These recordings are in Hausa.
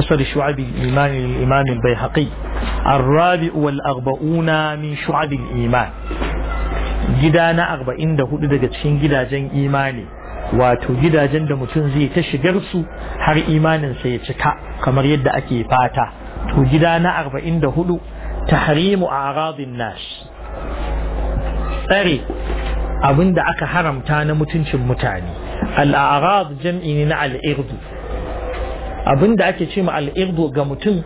أسود i, الإيمان للإمام البيهقي الرابع والأربعون من شعب الإيمان جدانا أربعين ده هدو ده جتشين جدا جن إيماني wato gidajen da mutum zai ta shigar su har imaninsa ya cika kamar yadda ake fata to gida na arba'in da hudu tahrimu a arabin nas tsare abin da aka haramta na mutuncin mutane al'arab jam'i ne na al'irdu abin da ake ce ma al'irdu ga mutum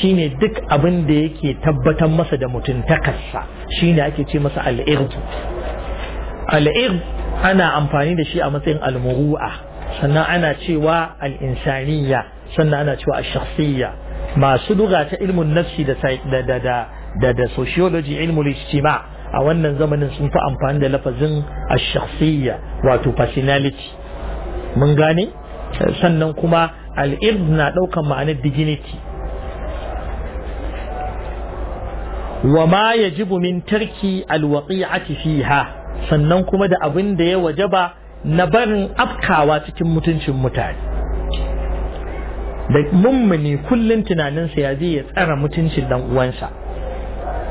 shine duk abin da yake tabbatar masa da mutuntakarsa shine ake ce masa al'irdu al'ird ana amfani da shi a matsayin almuru'a sannan ana cewa al'insaniya sannan ana cewa shakhsiyya masu lura ta ilmin nafsi da da da da da sociology ilmul ijtima a wannan zamanin sun fi amfani da lafazin ash-shakhsiyya wato personality mun gane sannan kuma al'irz na ɗaukan ma'anar dignity wa ma yajibu min tarki alwaqi'ati fiha sannan kuma da abin da ya waje ba na barin afkawa cikin mutuncin mutane da mummuni kullum tunaninsa ya je ya tsara mutuncin dan uwansa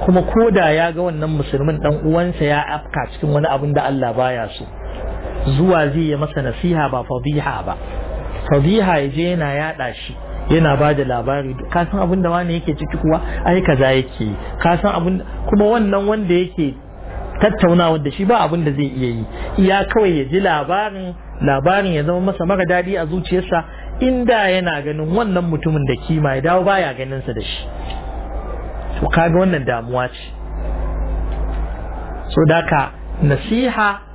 kuma ko da ya ga wannan musulmin dan uwansa ya afka cikin wani abin da Allah baya so zuwa zai ya masa nasiha ba fadiha ba fadiha ya je yana yada shi yana ba da labari ka san abin da wani yake ciki kuwa ai kaza yake ka san abin kuma wannan wanda yake tattaunawa da shi ba abin da zai iya yi iya kawai ya ji labarin labarin ya zama masa mara daɗi a zuciyarsa inda yana ganin wannan mutumin da kima ya dawo baya ganin sa da shi to kaga wannan damuwa ce so daka nasiha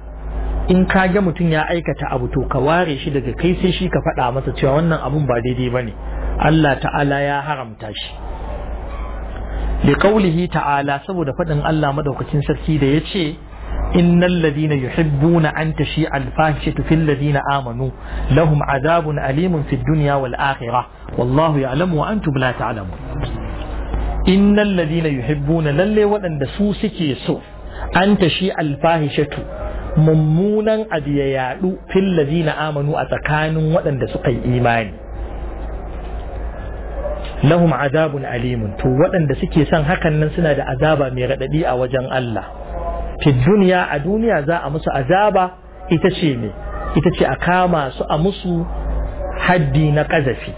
in ka ga mutum ya aikata abu to ka ware shi daga kai sai shi ka faɗa masa cewa wannan abun ba daidai ba ne. Allah ta'ala ya haramta shi liqaulihi ta'ala saboda faɗin Allah maɗaukacin sarki da yace innal ladina yuhibbuna an tashi al fahishatu fil ladina amanu lahum adabun alimun fid dunya wal akhirah wallahu ya'lamu wa antum la ta'lamun innal ladina yuhibbuna lalle waɗanda su suke so an tashi al fahishatu mummunan abu ya yadu fil ladina amanu a tsakanin waɗanda suka yi imani lahum azabun alimun to waɗanda suke son hakan nan suna da azaba mai raɗaɗi a wajen Allah fi duniya a duniya za a musu azaba ita ce ne ita ce a kama su a musu haddi na ƙazafi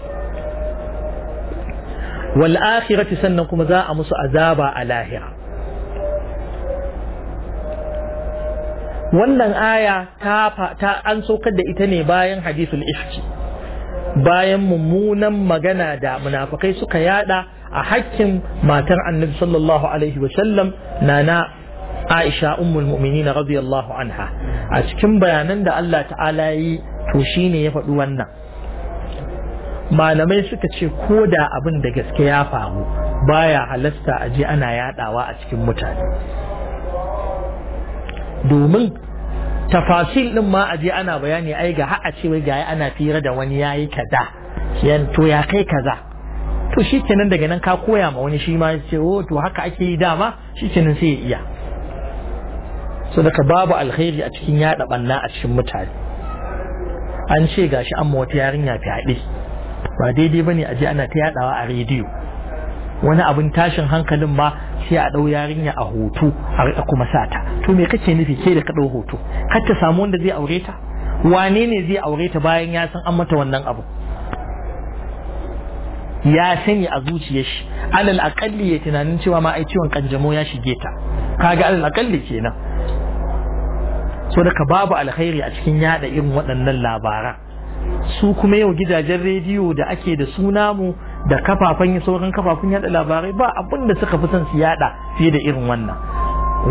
wal akhirati sannan kuma za a musu azaba a lahira wannan aya ta an saukar da ita ne bayan hadisul ifki bayan mummunan magana da munafakai suka yada a hakkin matar annabi sallallahu alaihi wa sallam nana Aisha ummul mu'minin radiyallahu anha a cikin bayanan da Allah ta'ala yi to shine ya faɗi wannan malamai suka ce ko da abin da gaske ya faru baya halasta a je ana yadawa a cikin mutane domin tafasil din ma aje ana bayani ai ga har a ce wai gaya ana fira da wani yayi kaza yan to ya kai kaza to shi kenan daga nan ka koya ma wani shi ma ya ce oh to haka ake yi dama shi kenan sai ya iya so daga babu alkhairi a cikin yada banna a cikin mutane an ce gashi an ma wata yarinya fyaɗe ba daidai bane aje ana ta yadawa a rediyo wani abin tashin hankalin ba sai a ɗau yarinya a hoto a riƙa kuma sata to me kake nufi ke da ka ɗau hoto Kar ta samu wanda zai aure ta wane ne zai aure ta bayan ya san an mata wannan abu ya sani a zuciyar shi alal aqalli ya tunanin cewa ma ai ciwon kanjamo ya shige ta kaga alal aqalli kenan so ka babu alkhairi a cikin yada irin waɗannan labaran su kuma yau gidajen rediyo da ake da suna mu da kafafen sauran kafafun yada labarai ba abin da suka fi son su yada fiye da irin wannan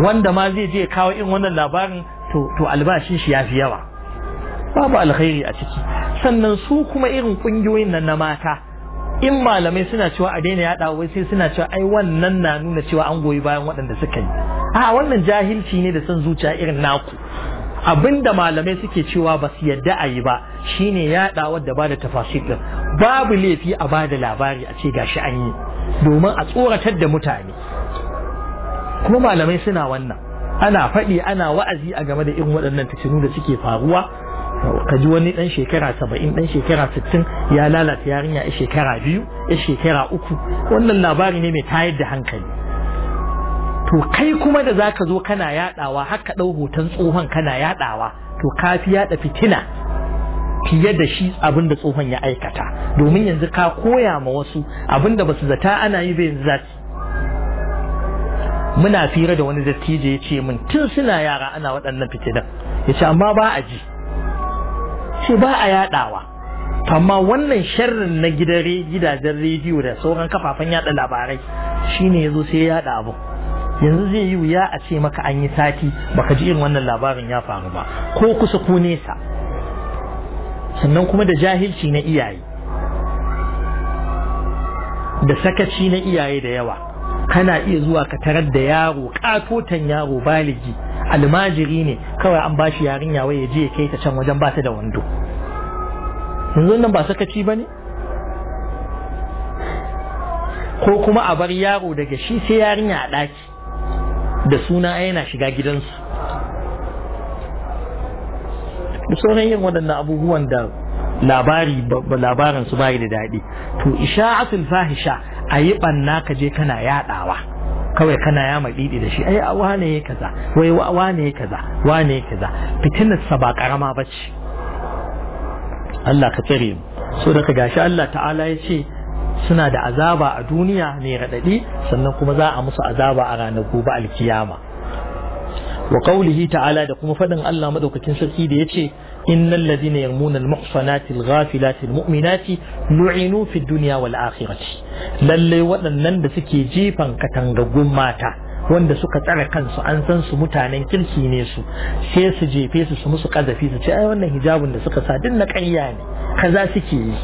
wanda ma zai je kawo irin wannan labarin to albashi shi ya fi yawa babu alkhairi a ciki sannan su kuma irin kungiyoyin nan na mata in malamai suna cewa a daina yada wai sai suna cewa ai wannan na nuna cewa an goyi bayan waɗanda suka yi a wannan jahilci ne da san zuciya irin naku abinda malamai suke cewa ba su yadda a yi ba shine yaɗa da ba da tafasir din babu laifi a ba da labari a ce gashi an yi domin a tsoratar da mutane kuma malamai suna wannan ana faɗi ana wa'azi a game da irin waɗannan fitinu da suke faruwa ka ji wani ɗan shekara saba'in ɗan shekara sittin ya lalata yarinya ya shekara biyu ya shekara uku wannan labari ne mai tayar da hankali to kai kuma da za ka zo kana yaɗawa haka ɗau hoton tsohon kana yaɗawa to ka fi yaɗa fitina fiye da shi abin da tsohon ya aikata domin yanzu ka koya ma wasu abin da basu zata ana yi bai zati muna fira da wani dattijo ya ce min tun suna yara ana waɗannan fitinan ya ce amma ba a ji ce ba a yaɗawa amma wannan sharrin na gidajen rediyo da sauran kafafen yaɗa labarai shine zo sai ya yaɗa abu yanzu zai yi wuya a ce maka an yi sati baka ji irin wannan labarin ya faru ba ko kusa ko nesa sannan kuma da jahilci na iyaye da sakaci na iyaye da yawa kana iya zuwa ka tarar da yaro katotan yaro baligi almajiri ne kawai an bashi yarinya ya je ya kai ta can wajen ba ta da wando yanzu nan ba sakaci ba ne ko kuma a bar yaro daga shi sai yarinya a ɗaki da suna yana shiga gidansu da sauran yin waɗannan abubuwan da labari labarin su bai da daɗi to isha'atul fahisha ayi ɓanna ka je kana yaɗawa. kawai kana ya maɗiɗi da shi ai wane ya kaza wai wane ya kaza wane ya kaza fitinar sa ba karama bace Allah ka tsare mu so daga gashi Allah ta'ala ya ce suna da azaba a duniya ne raɗaɗi sannan kuma za a musu azaba a ranar gobe alkiyama wa ta'ala da kuma faɗin Allah madaukakin sarki da ya ce, ladina yarmuna al-muhsanati al-ghafilati al-mu'minati lu'inu fi dunya wal akhirati lalle waɗannan da suke jifan katangaggun mata wanda suka tsare kansu an san su mutanen kirki ne su sai su jefe su su musu kazafi su ce ai wannan hijabun da suka sa din na ƙarya ne kaza suke yi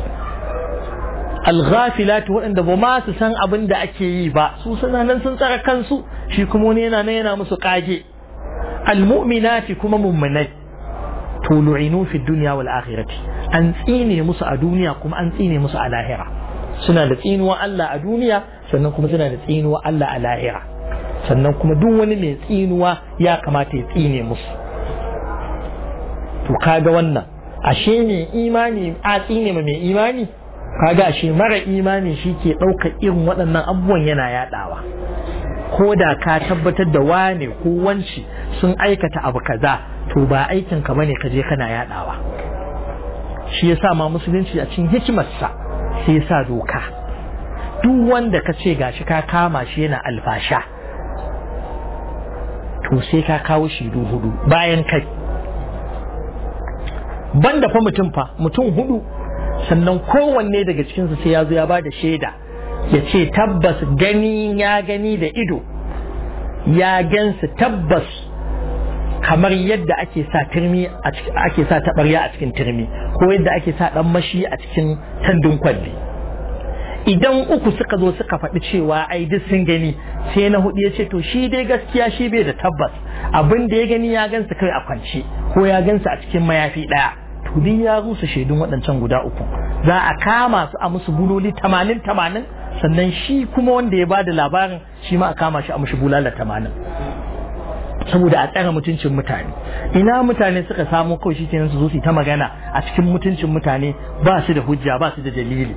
alghafilatu waɗanda ba ma su san abin da ake yi ba su suna nan sun tsare kansu shi kuma wani yana na yana musu kage almu'minati kuma mummunai to lu'inu fi dunya wal akhirati an tsine musu a duniya kuma an tsine musu a lahira suna da tsinuwa Allah a duniya sannan kuma suna da tsinuwa Allah a lahira sannan kuma duk wani mai tsinuwa ya kamata ya tsine musu to kaga wannan ashe mai imani a tsine ma mai imani kaga ashe mara imani shi ke ɗaukar irin waɗannan abubuwan yana yaɗawa ko da ka tabbatar da wane ko wanci sun aikata abu kaza to ba aikin ka bane ka je kana yadawa shi yasa ma musulunci a cikin hikimarsa sai yasa doka duk wanda ka ce gashi ka kama shi yana alfasha to sai ka kawo shi shidu hudu bayan kai banda fa mutum fa mutum hudu sannan kowanne daga cikinsu sai ya zo ya bada da shaida ya ce tabbas gani ya gani da ido ya gansu tabbas kamar yadda ake sa turmi ake sa tabarya a cikin turmi ko yadda ake sa dan mashi a cikin tandun kwalli idan uku suka zo suka faɗi cewa ai duk sun gani sai na hudu ya ce to shi dai gaskiya shi bai da tabbas abin da ya gani ya gansu kai a kwance ko ya gansu a cikin mayafi ɗaya to duk ya rusa shaidun waɗancan guda uku za a kama su a musu buloli tamanin tamanin sannan shi kuma wanda ya bada labarin shi ma a kama shi a mashi bulala tamanin saboda a tsara mutuncin mutane ina mutane suka samu kawai shi kenan su zo su ta magana a cikin mutuncin mutane ba su da hujja ba su da dalili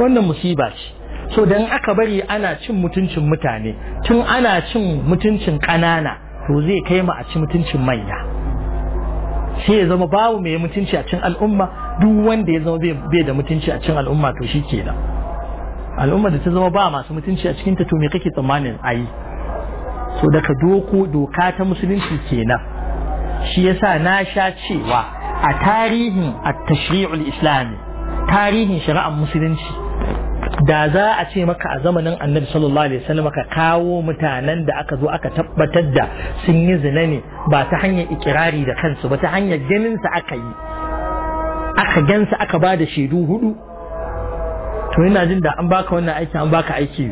wannan musiba ce so dan aka bari ana cin mutuncin mutane tun ana cin mutuncin ƙanana to zai kai mu a ci mutuncin manya sai ya zama babu mai mutunci a cin al'umma duk wanda ya zama bai da mutunci a cikin al'umma to shi kenan al'ummar da ta zama ba masu mutunci a cikinta to me kake tsammanin ayi. so daga doko doka ta musulunci kenan shi yasa na sha cewa a tarihin at-tashri'ul islami tarihin shari'ar musulunci da za a ce maka a zamanin annabi sallallahu alaihi wasallam ka kawo mutanen da aka zo aka tabbatar da sun yi zina ne ba ta hanyar ikirari da kansu ba ta hanyar ganin su aka yi aka gansa aka ba da shaidu hudu to ina jin da an baka wannan aiki an baka aiki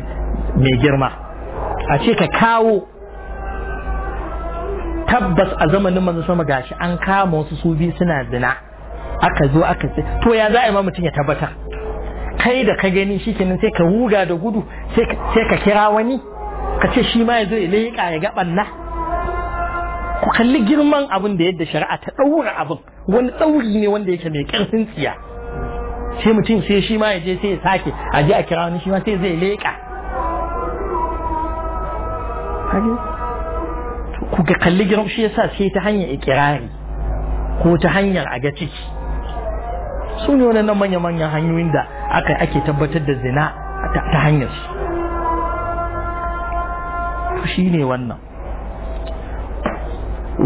mai girma a ce ka kawo tabbas a zamanin manzo sama gashi an kama wasu su biyu suna zina aka zo aka ce to ya za a yi ma mutum ya tabbatar kai da ka gani shikenan sai ka huga da gudu sai ka kira wani ka ce shi ma ya zo ya leƙa ya ga na ku kalli girman abin da yadda shari'a ta ɗaura abin wani ɗauri ne wanda yake mai ƙarfin tsiya sai mutum sai shi ma ya je sai ya sake a je a kira wani shi ma sai zai leƙa ku ga kalli girma shi yasa sai ta hanyar ikirari ko ta hanyar a ga ciki su ne waɗannan manya-manyan hanyoyin da aka ake tabbatar da zina ta hanyar su shi ne wannan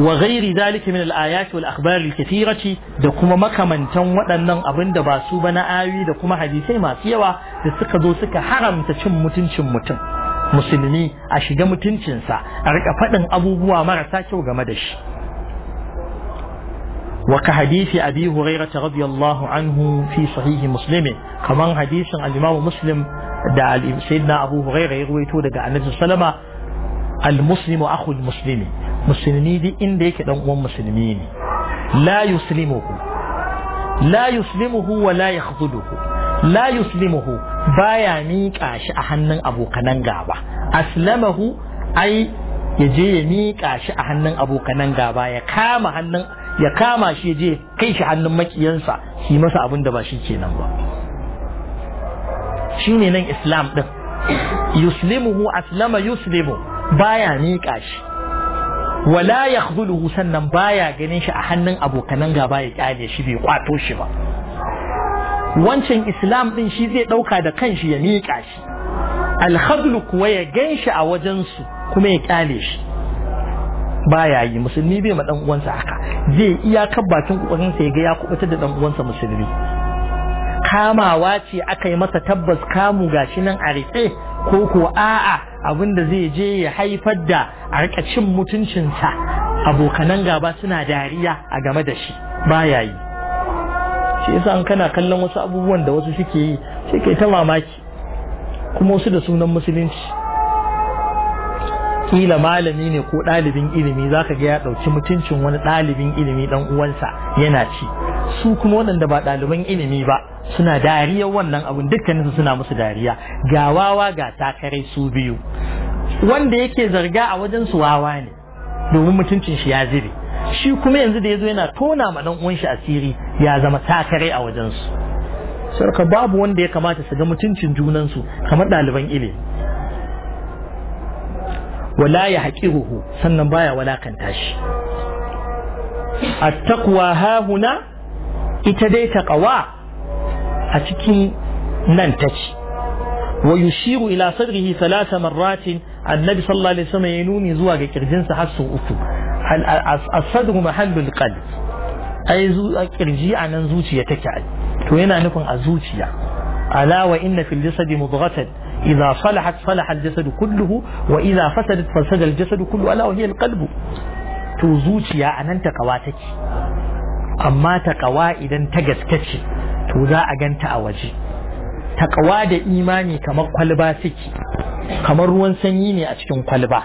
wa ghairi zalika min al-ayat wal akhbar al-kathirati da kuma makamantan waɗannan abin da ba ba na ayoyi da kuma hadisai masu yawa da suka zo suka haramta cin mutuncin mutum musulmi a shiga mutuncinsa a faɗin abubuwa marasa kyau game da shi وكحديث أبي هريرة رضي الله عنه في صحيح مسلم كمان حديث عن الإمام مسلم دع سيدنا أبو هريرة يروي تودا النبي صلى الله عليه وسلم المسلم أخو المسلم musulmi duk inda yake dan uwan musulmi ne la yuslimuhu la yuslimuhu wa la yakhzuluhu la yuslimuhu baya miƙa shi a hannun abokanan gaba aslamahu ai ya je ya miƙa shi a hannun abokanan gaba ya kama hannun ya kama shi ya je kai shi hannun makiyansa shi masa abin da ba shi kenan ba shine nan islam din yuslimuhu aslama yuslimu baya miƙa shi wala yakhdhuluhu sannan baya ganin shi a hannun abokanan gaba ya kyale shi bai kwato shi ba wancan islam din shi zai dauka da kanshi ya miƙa shi alhadlu kuwa ya gan shi a wajensu kuma ya kyale shi baya yi musulmi bai ma dan uwansa haka zai kan bakin kokarin ya ga ya kubutar da dan uwansa musulmi kamawa ce aka yi masa tabbas kamu gashi nan a riƙe ko ko a'a abin da zai je ya haifar da a rika cin mutuncinsa abokanan gaba suna dariya a game da shi ya yi shi yasa an kana kallon wasu abubuwan da wasu suke yi sai ta mamaki kuma wasu da sunan musulunci kila malami ne ko ɗalibin ilimi za ka ga ya ɗauki mutuncin wani ɗalibin ilimi dan uwansa yana ci su kuma waɗanda ba ɗaliban ilimi ba suna dariya wannan abun dukkaninsu suna musu dariya ga wawa ga takarai su biyu wanda yake zarga a wajen su wawa ne domin mutuncin shi ya zire shi kuma yanzu da ya zo yana tona ma dan uwan shi asiri ya zama takarai a wajen su sarka babu wanda ya kamata su ga mutuncin junansu kamar daliban ilimi wala ya haqiquhu sannan baya walakanta shi at-taqwa ha huna ita dai taqwa أتكي ننتج ويشير إلى صدره ثلاث مرات النبي صلى الله عليه وسلم ينون يزواج كرجين سحسو أكو الصدر محل القلب أي كرجي عن زوجي يتكعد وين أنكم أزوجي ألا وإن في الجسد مضغة إذا صلحت صلح الجسد كله وإذا فسدت فسد الجسد كله ألا وهي القلب تزوجي أن أنت قواتك أما تقوى إذا انتقس كتش to za a ganta a waje takawa da imani kamar kwalba suke kamar ruwan sanyi ne a cikin kwalba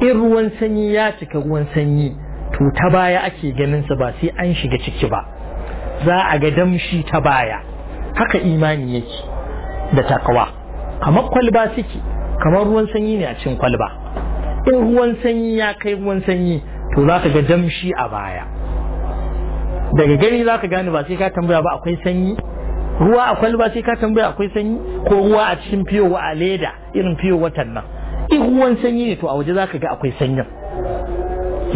in ruwan sanyi ya cika ruwan sanyi to ta baya ake ganin sa ba sai an shiga ciki ba za a ga damshi ta baya haka imani yake da takawa kamar kwalba suke kamar ruwan sanyi ne a cikin kwalba in ruwan sanyi ya kai ruwan sanyi to za ka ga damshi a baya daga gani za ka gane ba sai ka tambaya ba akwai sanyi ruwa a kwalba sai ka tambaya akwai sanyi ko ruwa a cikin fiyo a leda irin fiyo watan nan in ruwan sanyi ne to a waje za ka ga akwai sanyin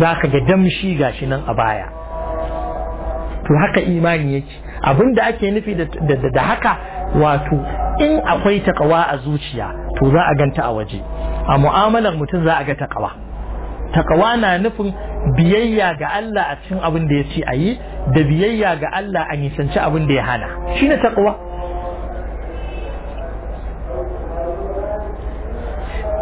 za ka ga damshi gashi nan a baya to haka imani yake abin da ake nufi da haka wato in akwai takawa a zuciya to za a ganta a waje a mu'amalar mutum za a ga takawa takawa na nufin biyayya ga Allah a cikin abin da ya ce a yi da biyayya ga Allah a nisanci abin da ya hana shine takawa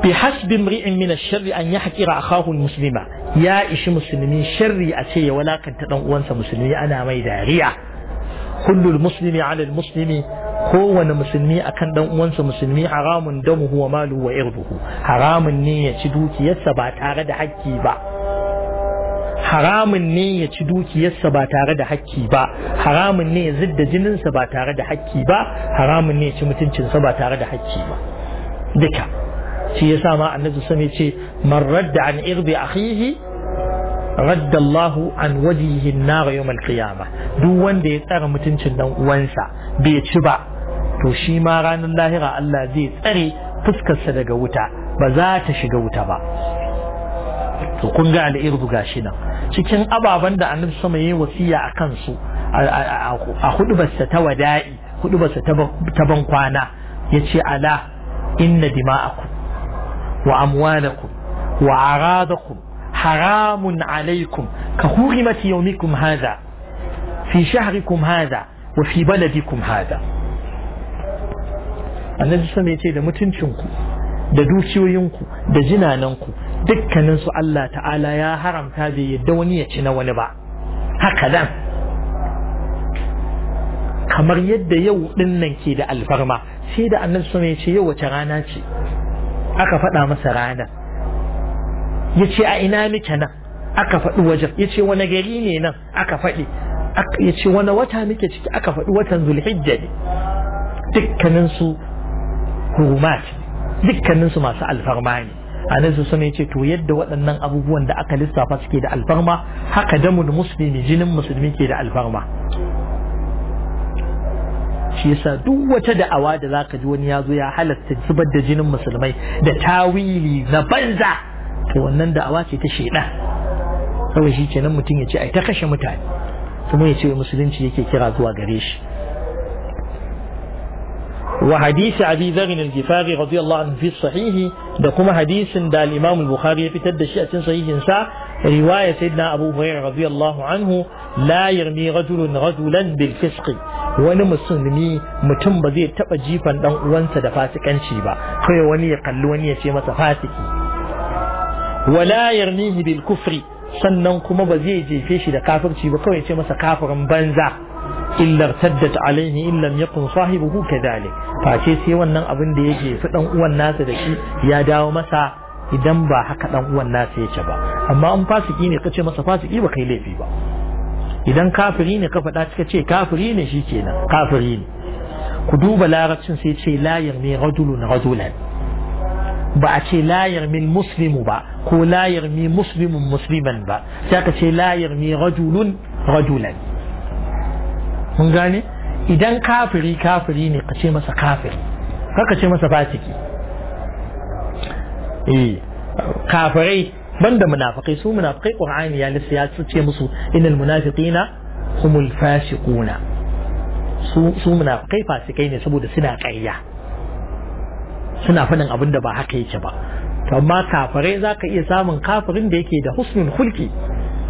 bi hasbi mri'in min ash-sharri an yahqira hakira akahun muslima ya ishi musulmi sharri a ce ya walakanta dan uwansa musulmi ana mai dariya kullu al-muslimi 'ala al-muslimi kowane musulmi akan dan uwansa musulmi haramun damuhu wa malu wa irduhu haramun ne ya ci dukiyarsa ba tare da hakki ba haramun ne ya ci dukiyarsa ba tare da hakki ba haramun ne ya zidda jininsa ba tare da hakki ba haramun ne ya ci mutuncinsa ba tare da hakki ba duka shi yasa ma annabi sami ce man radda an irbi akhihi radda Allahu an wajihi an-nar yawm al-qiyamah duk wanda ya tsara mutuncin dan uwansa bai ci ba to shi ma ranar lahira Allah zai tsare fuskar sa daga wuta ba za ta shiga wuta ba to kun ga al'irdu gashi nan cikin ababan da annabi sama yayin wasiya akan su a hudubarsa ta wada'i hudubarsa ta ban kwana yace ala inna dima'akum wa amwalakum wa aradakum haramun alaykum ka hurimati yawmikum hadha fi shahrikum hadha wa fi baladikum hadha annabi sama ya ce da mutuncinku da dukiyoyinku da jinananku dukkanin su Allah ta'ala ya haramta bai yadda wani ya ci na wani ba haka nan kamar yadda yau din nan ke da alfarma sai da annabi sama ya ce yau wace rana ce aka faɗa masa rana ya ce a ina muke nan aka faɗi wajen ya ce wani gari ne nan aka faɗi ya ce wani wata muke ciki aka faɗi watan zulhijja ne dukkaninsu hurumat dukkaninsu masu alfarma ne annabi sun ce to yadda waɗannan abubuwan da aka lissafa suke da alfarma haka damul muslimi jinin musulmi ke da alfarma shi yasa duk wata da'awa da zaka ji wani ya zo ya halatta zubar da jinin musulmai da tawili na banza to wannan da'awa ce ta shaidan kawai shi kenan mutum ya ce ai ta kashe mutane kuma ya ce musulunci yake kira zuwa gare shi wa hadisi abi zarin al-gifari anhu fi sahihi da kuma hadisin da al-imam ya fitar da shi a cikin sahihinsa riwaya sayyidina abu hurairah radiyallahu anhu la yarmi rajulun rajulan wani musulmi mutum ba zai taba jifan dan uwansa da fasikanci ba kai wani ya kalli wani ya ce masa fasiki wala yarmihi bil kufri sannan kuma ba zai jefe shi da kafirci ba kawai ya ce masa kafarin banza illar taddat alaihi in lam yakun sahibuhu kadhalik face sai wannan abin da yake fi dan uwan nasa da shi ya dawo masa idan ba haka dan uwan nasa yake ba amma an fasiki ne kace masa fasiki ba kai laifi ba idan kafiri ne ka faɗa cika ce kafiri ne shikenan kafiri ne ku duba larabcin sai ce la yarmi rajulun rajulan ba a ce la yarmi muslimu ba ko la yarmi muslimun musliman ba sai ka ce la yarmi rajulun rajulan mun gane idan kafiri kafiri ne ka ce masa kafiri ka ce masa fasiki eh kafirai banda munafikai su munafikai qur'ani ya lissa ya ce musu innal munafiqina humul fasiquna su su munafikai fasikai ne saboda suna ƙarya suna faɗin abin da ba haka yake ba amma kafirai ka iya samun kafirin da yake da husnul hulki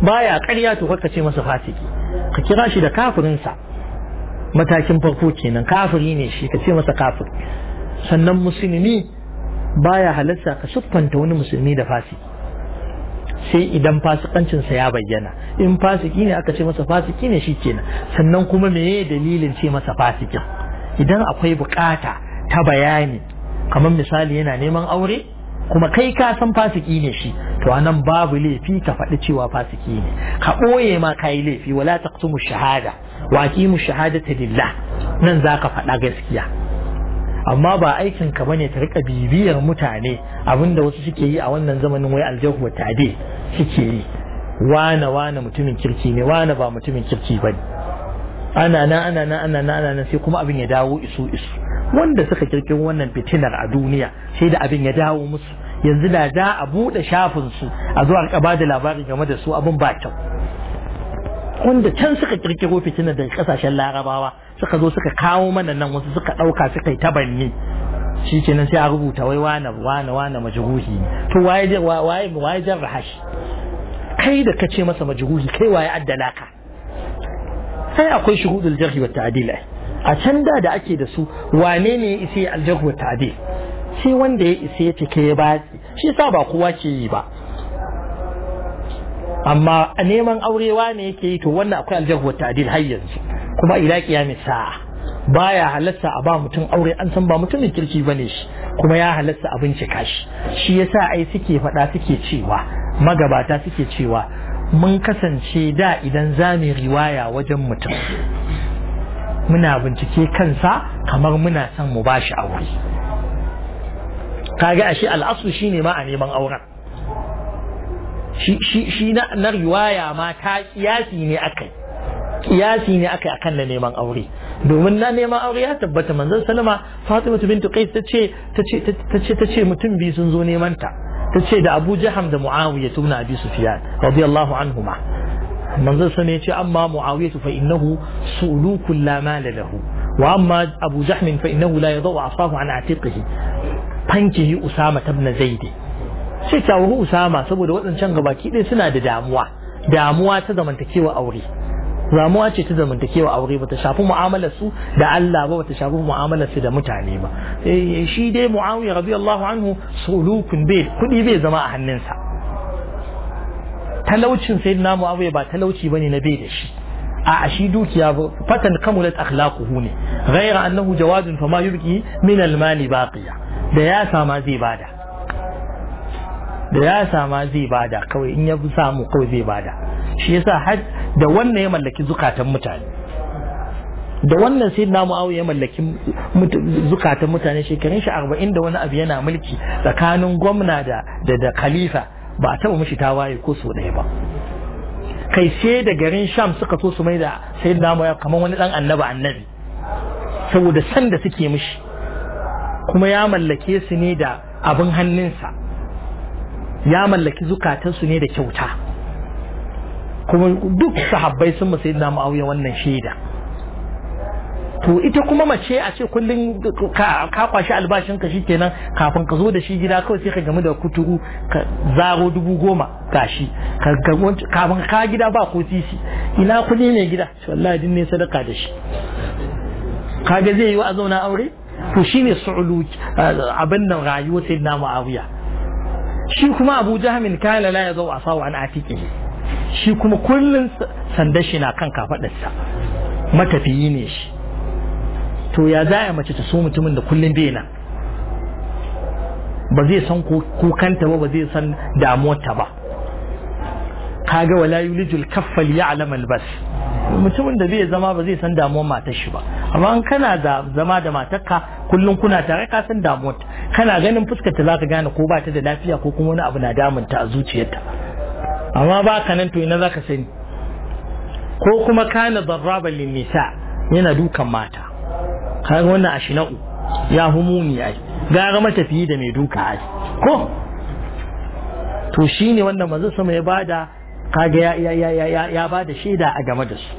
baya ƙarya to kaka ce masa fasiki ka kira shi da kafirinsa matakin farko kenan kafiri ne shi ka ce masa kafir sannan musulmi baya halarta ka siffanta wani musulmi da fasiki sai idan fasikancinsa ya bayyana in fasiki ne aka ce masa fasiki ne shi kenan sannan kuma meye dalilin ce masa fasikin idan akwai bukata ta bayani kamar misali yana neman aure kuma kai ka san fasiki ne shi to anan babu laifi ka faɗi cewa fasiki ne ka ɓoye ma kayi laifi wala taqtumu shahada wa aqimu shahadata lillah nan zaka faɗa gaskiya amma ba aikin ka bane ta rika bibiyar mutane abinda wasu suke yi a wannan zamanin wai aljahu wa tabi suke yi Wana wana mutumin kirki ne wana ba mutumin kirki bane ana nan ana nan ana nan ana nan sai kuma abin ya dawo isu isu wanda suka kirkiro wannan fitinar a duniya sai da abin ya dawo musu yanzu da za a buɗe shafin su a zuwa a da labari game da su abin ba kyau wanda can suka kirkiro fitinar da kasashen larabawa suka zo suka kawo mana nan wasu suka ɗauka suka yi tabanni shi kenan sai a rubuta wai wane wane wane majruhi to waye waye kai da ce masa majruhi kai waye addala ka sai akwai shuhudul jarhi wa ta'dil a can da da ake da su wane ne ya isa aljarhu wa ta'dil sai wanda ya isa ya ce kai ya ba shi yasa ba kowa ke yi ba amma neman aurewa ne yake yi to wannan akwai aljarhu ta'dil har yanzu kuma ila kiyamis sa'a baya halarta a ba mutum aure an san ba mutumin kirki bane shi kuma ya halarta a bincika shi shi yasa ai suke faɗa suke cewa magabata suke cewa mun kasance da idan za mu riwaya wajen mutum muna bincike kansa kamar muna son mu ba shi aure kaga ashe al'asu shine ma a neman auren shi na riwaya ma ta kiyasi ne akai kiyasi ne akai akan na neman aure domin na neman aure ya tabbata manzon salama fatima bintu qais ta ce ta ce mutum biyu sun zo neman ta ta ce da abu jaham da muawiya ibn abi sufyan radiyallahu anhuma manzon sa ce amma muawiya fa innahu sulukul la mala lahu wa amma abu jahm fa innahu la yadau afahu an atiqihi fankihi usama ibn zaid sai ta wuri usama saboda waɗancan gabaki ɗaya suna da damuwa damuwa ta zamantakewa aure damuwa ce ta zamantakewa aure bata shafi mu'amalar su da Allah ba bata shafi mu'amalar su da mutane ba eh, shi dai Muawiya radiyallahu anhu sulukun bai kudi bai zama a hannunsa talaucin na Muawiya ba talauci bane na bai da shi a shi dukiya ba. fatan kamulat akhlaquhu ne ghaira annahu jawadun fama yubqi min al-mali baqiya da ya sama zai bada da ya sama zai bada kawai in ya samu kawai zai bada shi yasa har da wannan ya mallaki zukatan mutane da wannan sai na mu'awiya ya mallaki zukatan mutane shekarun shi arba'in da wani abu yana mulki tsakanin gwamna da da khalifa ba a taba mishi tawaye ko so ɗaya ba kai sai da garin sham suka so su mai da sai na kamar wani dan annabi annabi saboda san da suke mishi kuma ya mallake su ne da abin hannunsa ya mallaki zukatansu ne da kyauta kuma duk sahabbai sun musu namu auya wannan shaida to ita kuma mace a ce kullum ka kwashi ka shi kenan kafin ka zo da shi gida kawai sai ka gamu da kuturu ka zaro dubu goma gashi kafin ka gida ba ko sisi ina kudi ne gida wallahi din ne sadaka da shi kaga zai yi wa a zauna aure to shine su'ulu eh, abin nan rayuwar sayyidina muawiya shi kuma abu jahamin kana la yazau asahu an atiqi shi kuma kullun sanda shi na kan kafaɗarsa matafiyi ne shi to ya a mace ta so mutumin da kullun bai nan ba zai san kukanta ba ba zai san damuwarta ba kaga wala yulijul kaffal ya'lam bas. mutumin da zai zama ba zai san damuwar matar shi ba amma in kana zama da matarka kullum kuna tare ka san damuwar kana ganin fuskar ta zaka gane ko ba ta da lafiya ko kuma wani abu na ta a zuciyarta amma ba ka nan to ina zaka sani ko kuma kana zarraba lin nisa yana dukan mata kaga wannan a ashina'u ya humuni ai gara matafiyi da mai duka ai ko to shine wannan manzo sama ya bada Kage ya ya ya ya ya ba da shaida a game da su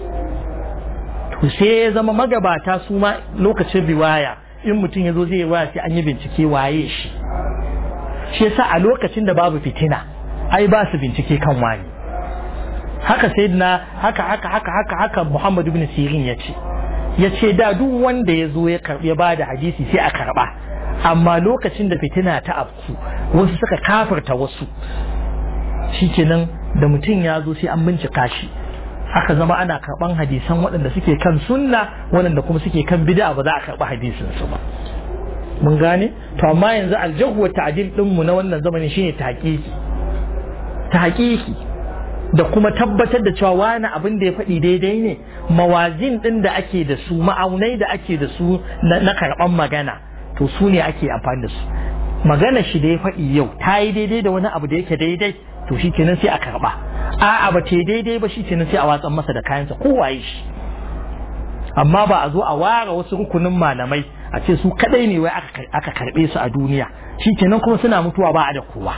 to sai ya zama magabata su ma lokacin riwaya in mutum ya zo zai yi waya sai an yi bincike waye shi shi yasa a lokacin da babu fitina ai ba su bincike kan waye haka sayyidina haka haka haka haka haka Muhammad ibn Sirin ya ce ya ce da duk wanda ya zo ya ba da hadisi sai a karba amma lokacin da fitina ta afku wasu suka kafarta wasu shikenan da mutum ya zo sai an bincika shi aka zama ana karban hadisan waɗanda suke kan sunna waɗanda kuma suke kan bid'a ba za a karɓi hadisin su ba mun gane to amma yanzu aljahu wa ta'dil din mu na wannan zamanin shine tahqiqi tahqiqi da kuma tabbatar da cewa wani abin da ya faɗi daidai ne mawazin din da ake da su ma'aunai da ake da su na karɓan magana to su ake amfani da su magana shi da ya faɗi yau ta yi daidai da wani abu da yake daidai to shi kenan sai a karba a'a ba ce daidai ba shi kenan sai a watsan masa da kayansa kowaye shi amma ba a zo a ware wasu rukunin malamai a ce su kadai ne wai aka karbe su a duniya shi kenan kuma suna mutuwa ba a da kowa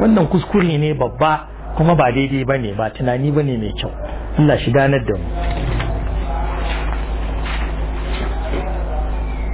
wannan kuskure ne babba kuma ba daidai ba ne ba tunani ba ne mai kyau Allah shi ganar da mu